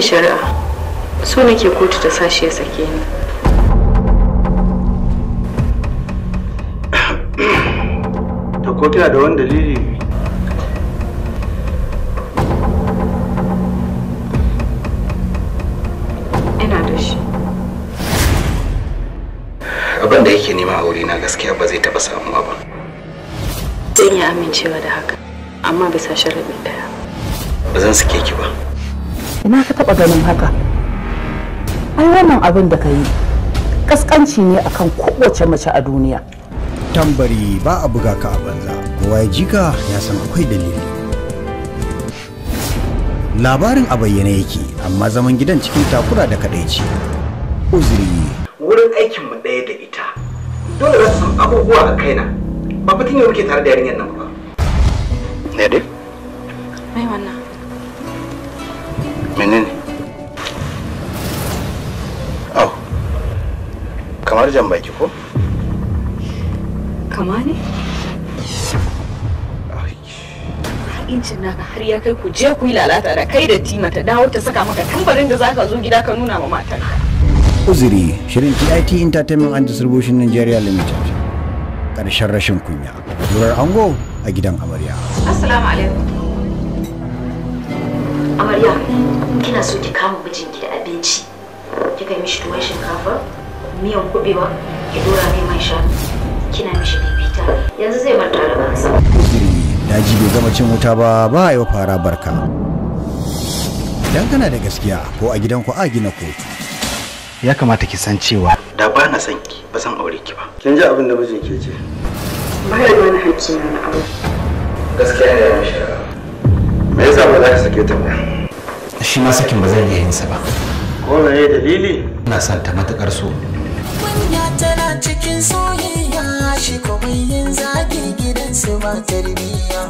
ne shari'a so nake kotu ta sashi ya sake ni ta kotu da wani dalili ina da shi abin da yake nema aure na gaskiya ba zai taba samuwa ba zan yi amincewa da haka amma bisa sharaɗi ɗaya ba zan suke ki ba ina ka taba ganin haka ai wannan abin da ka yi kaskanci ne akan kowace mace a duniya tambari ba a buga ka a banza kowa ya jika ya san akwai dalili labarin a bayyane yake amma zaman gidan cikin takura da kadaici uzuri wurin aikin mu ɗaya da ita dole za su san abubuwa a kaina ba fitin yau muke tare da yarinyar nan ba ne dai ai wannan menene au kamar jan baki ko kama ne incin naka har ya kai ku je ku yi lalata da kai da tima ta dawo ta saka maka tambarin da zaka zo gida ka nuna ma matarka uzuri shirin TIT Entertainment and Distribution Nigeria Limited ƙarshen rashin kunya durar ango a gidan amarya assalamu alaikum amarya kina so ki kama mijinki da abinci kika mishi tuwon shinkafa miyan kubewa ki dora mai mai sha kina mishi bibita yanzu zai manta da kansa daji bai gama cin wuta ba ba a fara barka idan kana da gaskiya ko a gidanku a gina kotu ya kamata ki san cewa da ba na san ki ba san aure ki ba kin ji abin da mijin ke ce ba ya bani hakki na aure gaskiya ne ya mishi me yasa ba za ki sake ta ba shi ma sakin ba zan iya yin sa ba ko ne dalili ina son ta matakar so kunya tana cikin soyayya shi mai yin zagi su ba tarbiyya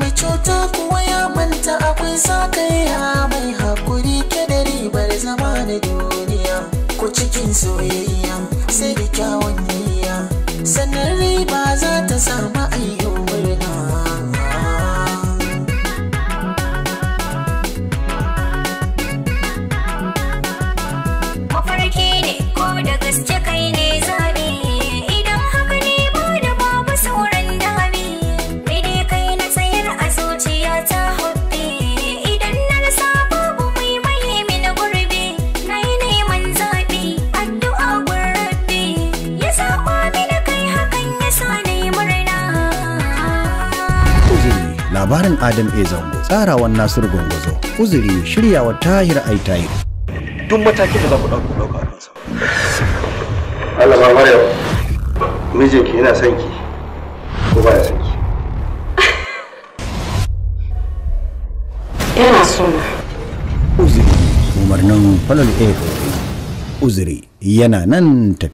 mai cuta kuwa ya manta akwai sakayya mai hakuri ke da ribar zama da duniya ku cikin soyayya sai da kyawun niyya sanar riba za ta samu aiki labarin adam a zango tsarawan nasir gwangwazo uzuri shiryawa tahir aitayi duk matakin da za ku ɗauka ɗauka kansa Allah ba yau. mijinki yana son ki ko ba ya son ki yana son uzuri umarnin falal uzuri yana nan ta